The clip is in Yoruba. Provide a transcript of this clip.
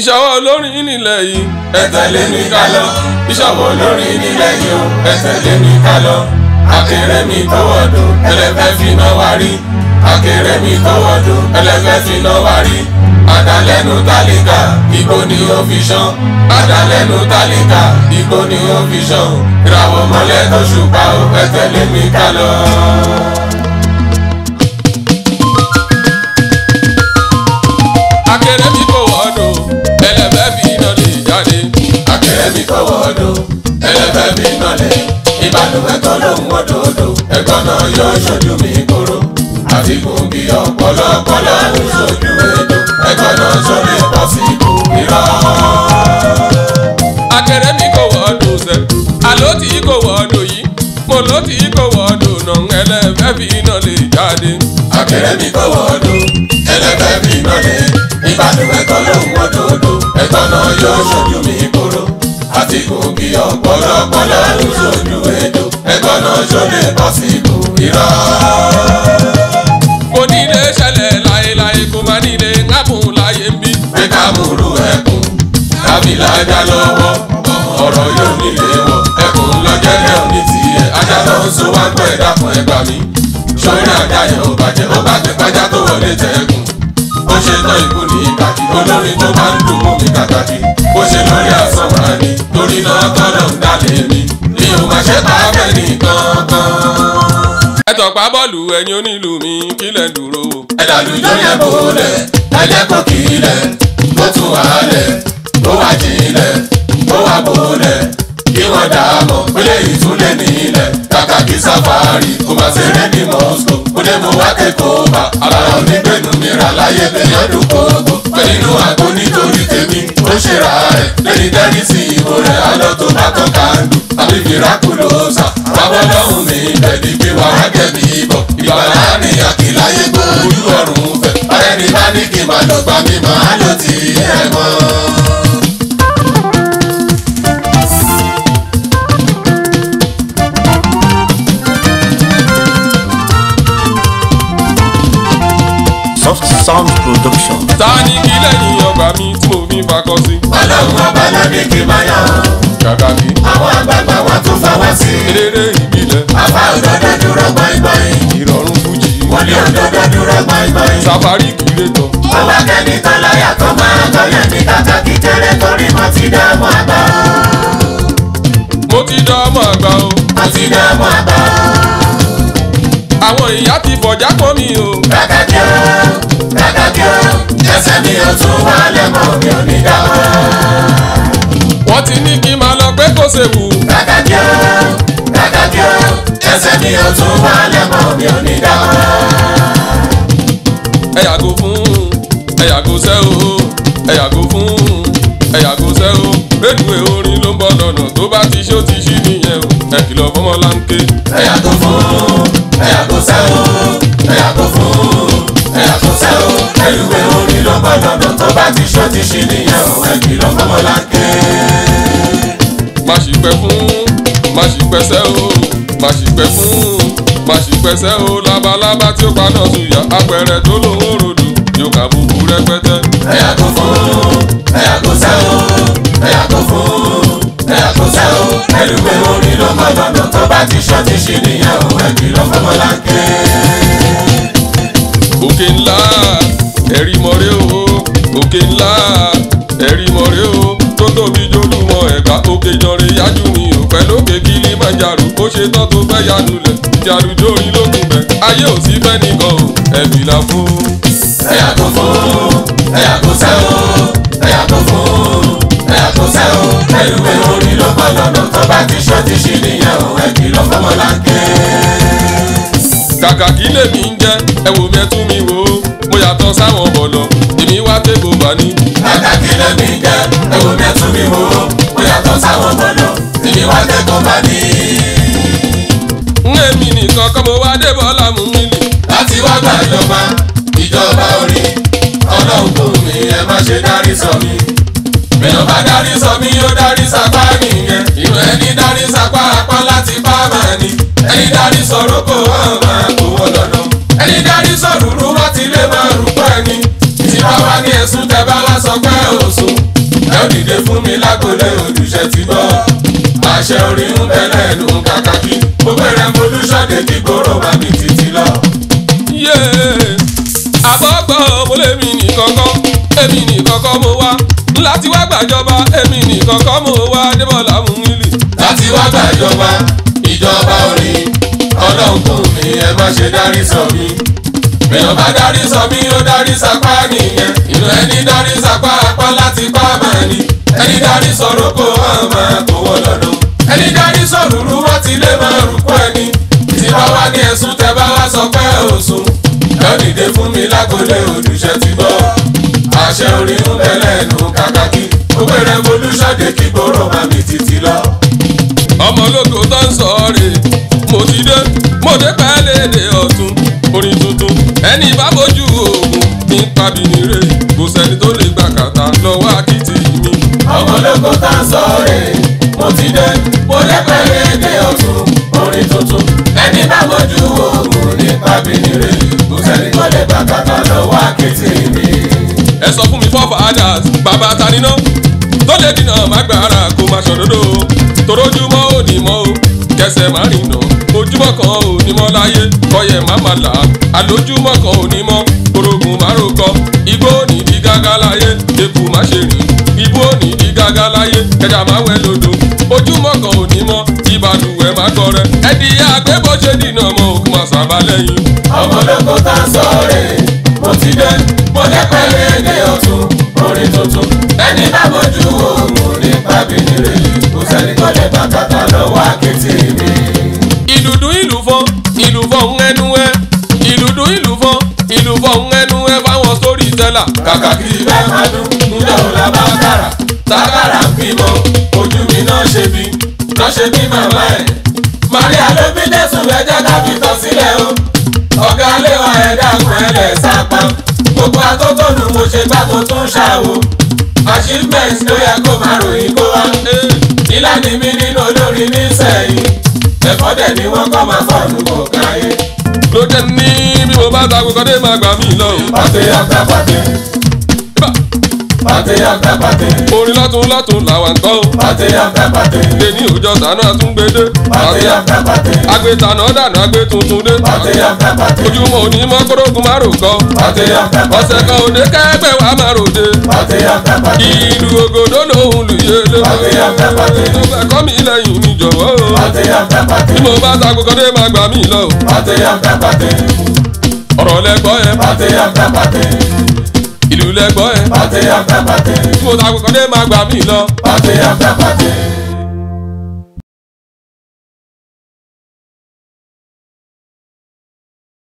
ìṣòwò olórin nílẹ̀ yìí. ẹ tẹ̀lé mi ká lọ ìṣòwò olórin nílẹ̀ yìí o ẹ tẹ̀lé mi ká lọ. akéré mi tọwọ́ dùn ẹlẹ́fẹ́ fi náà wá akéré mi tọwọ́ dùn ẹlẹ́fẹ́ fi náà wá rí. àdálẹ́nu tálíkà igbó ni ó fi ṣán. àdálẹ́nu tálíkà igbó ni ó fi ṣán. ìràwọ̀ mọ́lẹ̀ tó ṣùpá o ẹ tẹ̀lé mi ká lọ. mọ́tòdò ẹ̀gbọ́n náà yọ ṣojú mi koro àti gògì ọ̀pọ̀lọpọ̀ lọ́rùn ṣojú ètò ẹ̀gbọ́n náà sọ̀rọ̀ ẹ̀kọ́ sí ikú irọ́. akẹrẹ mi kò wọ ọdún sẹ àló tí kò wọ ọdún yìí mo ló tí kò wọ ọdún náà ẹlẹ́fẹ́ fi iná lè jáde. akẹrẹ mi kò wọ ọdún ẹlẹ́fẹ́ fi iná lè ìbàdàn ẹ̀kọ́ lóhùn mọ́tòdò ẹ̀gbọ́n náà yọ ṣojú pọ́sibù bí ọ̀pọ̀lọpọ̀lọ lóṣooṣù ètò ẹgbọ́n náà ṣó lè pọ́sibù irọ́. mo nílé ṣẹlẹ̀ láéláé kó má nílé kábù láyé mi. pé kábùrú ẹkùn kábìlà ajá lọ́wọ́ ọ̀rọ̀ yóò nílé wọ ẹkùn lọ́jẹ́ náà ní tiẹ̀ ajá ló ń so wá gbọ́ ẹ̀dá fún ẹgbàá mi. sórí ajá yẹn ò bàjẹ́ ó bá tẹ̀ pàjá tó wọlé tẹ̀ ẹkùn ó ṣe tán ikú ní ìtàkì olórin tó máa ń dùn mú mi kàkàkì ó ṣe lórí àsán torí náà tọ́lọ̀ ń dalẹ̀ mi mi ò máa ṣe pa fẹ́ni kankan. ẹ tọ̀pá bọ́ọ̀lù ẹ̀yin onílù mi kílẹ̀ ń dúró. ẹ dàlú ìjọ yẹn bò ẹ jẹ́ kó kílẹ̀ kó tún wà lẹ̀ kó wà jílẹ̀ kó wà bò kí wọ́n dà á mọ̀ ó lè ìtúlẹ̀ nílẹ̀ kàkà kí sáfárì kó máa ṣeré ní Moscow ó lè mú wá kẹ́kọ̀ọ́ bá àbára onígbẹ̀dùn mìíràn láyé bẹ̀yẹ̀ dùn kókó pẹ̀lú àgbo nítorí tèmi ó ṣèrà rẹ̀ lẹ́ni dẹ́rì miraculosa àwọn ọlọ́run mi bẹ̀bí pé wàá jẹ̀bi ibọ̀ ìbára ni àkìláyé gbójú ọ̀run fẹ̀ ọ̀rẹ́ ni bá ní kí n máa lọ gbà mí máa lọ tí ẹ mọ́. Soft Sound Production. kí lẹ́yìn ọgbà mi tí mo fi fakọ sí. ọlọ́run ọba lábẹ́ kí n máa yàn. gàgà bí. àwọn àgbà. safari kìrètọ̀. ó wá kẹ́ni tó lọ́yà tó máa lọ́yà ní kàkà kí tẹ́lẹ̀ torí mo ti dọ́mọ àgbà o. mo ti dọ́mọ àgbà o. mo ti dọ́mọ àgbà o. àwọn ìyá ti fọ̀já pọ̀ mi o. rákàkí o rákàkí o ẹsẹ̀ mi ò tún wálẹ̀ mọ́ mi ò ní dáwọ́. wọ́n ti ní kí n máa lọ pé kò séwu. rákàkí o rákàkí o ẹsẹ̀ mi ò tún wálẹ̀ mọ́ mi ò ní dáwọ́ ẹ yàgò fún ẹ yàgò sẹ́ o ẹ yàgò fún ẹ yàgò sẹ́ o rédùn orin ló ń bọ̀ lọ́nà tó bá ti ṣó ti ṣí nìyẹn o ẹ kìlọ̀ fọmọ láńké. ẹ yàgò fún ẹ yàgò sẹ́ o ẹ yàgò fún ẹ yàgò sẹ́ o rédùn orin ló ń bọ̀ lọ́nà tó bá ti ṣó ti ṣí nìyẹn o ẹ kìlọ̀ fọmọ láńké. má ṣì pẹ́ fún má ṣì pẹ́ sẹ́ o má ṣì pẹ́ fún pàṣípẹ́sẹ́ o labalábá tí ó paná suya apẹ̀rẹ̀ tó lówó rodò yóò kà bùkù rẹpẹtẹ. ẹ yàgò fún ẹ yàgò sẹ́ o ẹ yàgò fún ẹ yàgò sẹ́ o ẹlùgbé orí ló mọ dandan tó bá ti ṣọ́ ti ṣì nìyẹn o ẹ̀gbìn ló fọwọ́ láńkẹ́. òkè ńlá ẹ̀rí mọ̀rẹ́ o òkè ńlá ẹ̀rí mọ̀rẹ́ o tó tóbi jólúmọ̀ ẹ̀ka òkè jọ̀rẹ̀ yájú mi ò pẹ́ lókè Kilimanjaro ṣe tán tó fẹ́ yálulẹ̀ ìjàdùjọ orin ló kún bẹ́ẹ̀ ayé ò sí fẹ́ nìkan o ẹ̀bì là fún. ẹ yàgò fún ẹ yàgò sẹ́ o ẹ yàgò fún ẹ yàgò sẹ́ o ẹlùwẹ̀ orin ló pọ̀ lọ́nà tó bá ti ṣọ́ ti ṣì nìyẹn o ẹ̀bì ló fọwọ́ láńkẹ́. kàkà kí lèmi ń jẹ ẹ wò mi wò ó mo yàtọ̀ sáwọn bọ̀lọ̀ èmi wá pé mo bà ní nìkan kọ́ mo wá dé bọ́lá mú mi nì. láti wá gba ìjọba ìjọba orí ọlọ́run tó mi ẹ má ṣe dárí sọ mi. mi ò bá dárí sọ mi yóò dárí sapá nìyẹn ìwé ẹni dárí sapá apá láti bá màá ni ẹni dárí sọ̀rọ̀ kó hàn máa kó wọ́n lọ́dọ̀ ẹni dárí sọ̀rọ̀ rú wá ti lè máa rú pẹ́ ni ìtura wa ní ẹ̀sùn tẹ bá wá sọ pé òsùn ẹ ò dìde fún mi lágbolé olùṣẹ́ ti gbọ́ àṣẹ orí ń bẹ́lẹ̀ ló ń olùṣàdé ti gbòòrò wà ní títí lọ. àbọ̀gbọ̀ mo lèmi nìkan kọ́ èmi nìkan kọ́ mo wá láti wá gbàjọba èmi nìkan kọ́ mo wá débọ̀lá mú nílì. láti wá gbàjọba ìjọba orin ọlọ́run kò mí ẹ má ṣe dárí sọ mí mi ò bá dárí sọ mí ó dárí sapá nìyẹn ìlú ẹni dárí sapá apá láti pa máa ní ẹni dárí sọ̀rọ̀ kó hàn kó wọ́n lọ́dún ẹni dárí sọ̀rùrù wọ́n ti lé máa rù ní ẹ̀sùn tẹ bá wá sọ pé òsùn lọ́dìde fún mi lágolé olùṣẹ́ ti gbọ́ àṣẹ orin ń bẹ lẹ́nu kàkàkí òwe revolution dé kí gbòòrò má mi títí lọ. ọmọ ológo tó ń sọ rè mo ti dé mo dé pẹ́ẹ́lẹ́ èdè ọ̀tún orin tuntun ẹni bá bójú oògùn ní pàbínirè kò sẹ́ni tó lè gbà lọ́wọ́ àkìtì mi. ọmọ ológo tó ń sọ rè. bá mojú oògùn nípa bìnrin kò sẹ́ni tó lè bá kàkà lọ́wọ́ àkẹ́tì mi. ẹ sọ fún mi fọ́ fathers bàbá taniná tó lè dínà má gbára kó má ṣòdodo torójúmọ́ ò ní mọ́ o kẹsẹ̀ má rìn nà ojúmọ́ kan ò ní mọ́ láyé kọyẹ̀ má má là àlójúmọ́ kan ò ní mọ́ orogún má ròkọ igbó ò ní di gágá láyé eku má ṣe rìn igbó ò ní di gágá láyé kẹjà má wẹ lódò ojúmọ́ kan ò ní mọ́ ìbàdùwẹ̀ má kọrẹ ẹdí àgbẹ̀ bàbá lẹ́yìn. ọmọdókò tá a sọ rè mo ti dé mo dé pẹ̀lú èdè ọ̀tún orin tuntun ẹni bá mojú oòrùn ní pàbí nìrè yìí kò sẹ́ni tó lè bàtàtà lọ́wọ́ àkẹ́tì mi. ìdùdú ìlú fọ ìlú fọ ń ẹnu ẹ ìdùdú ìlú fọ ìlú fọ ń ẹnu ẹ fáwọn sórí tẹlà. kàkà kí ibẹ̀ máa dùn ǹjẹ́ òun la bá kára tákàrà ń bímọ ojú mi náà ṣe bí náà ṣe bí màmá ẹ̀. Maria ló bí Jésù ẹjẹ́ ká ṣe gbá tó tún ṣàwò achievement ló yẹ kó máa ròyìn kó wá nílá ni nínú olórí nísẹ̀yìn ẹ̀fọ́ dẹ̀ ni wọ́n kọ́ máa fọ́ọ̀nù kò káyé. ló jẹ́ ní bí mo bá ta gbogbo dé máa gbà mí lọ. pàtẹ́ àgbà pàtẹ́ pàtẹ́yà fẹ́ pàtẹ́. orin lọ́tún lọ́tún làwọn ń tọ́. pàtẹ́yà fẹ́ pàtẹ́. lẹ́ni òjọ sànú àtúngbédé. pàtẹ́yà fẹ́ pàtẹ́. agbẹ́tànà dànù agbẹ́ tuntun dé. pàtẹ́yà fẹ́ pàtẹ́. ojúmọ́ òní mọ́ kórógùn má rò kọ́. pàtẹ́yà fẹ́ pàtẹ́. ọ̀sẹ̀ kan òde kẹ́gbẹ́ wa má ròde. pàtẹ́yà fẹ́ pàtẹ́. ìlú ògòdó lòun lùyẹ lé. pàtẹ́yà fẹ́ pàtẹ́. tó fẹ́ kọ́ mi lẹ́yìn mi jọ̀wọ́. pàtẹ́yà fẹ́ pàtẹ́. bí mo bá sagokan dé máa gbà mí lọ. ọ̀rọ̀ lẹ gbọ́ pàtẹ́yà fẹ́ pàtẹ́ lẹ́gbọ́ ẹ. pàtẹ́yà fẹ́ pàtẹ́. mo ta kọ̀kọ́ dé máa gbà mí lọ. pàtẹ́yà fẹ́ pàtẹ́.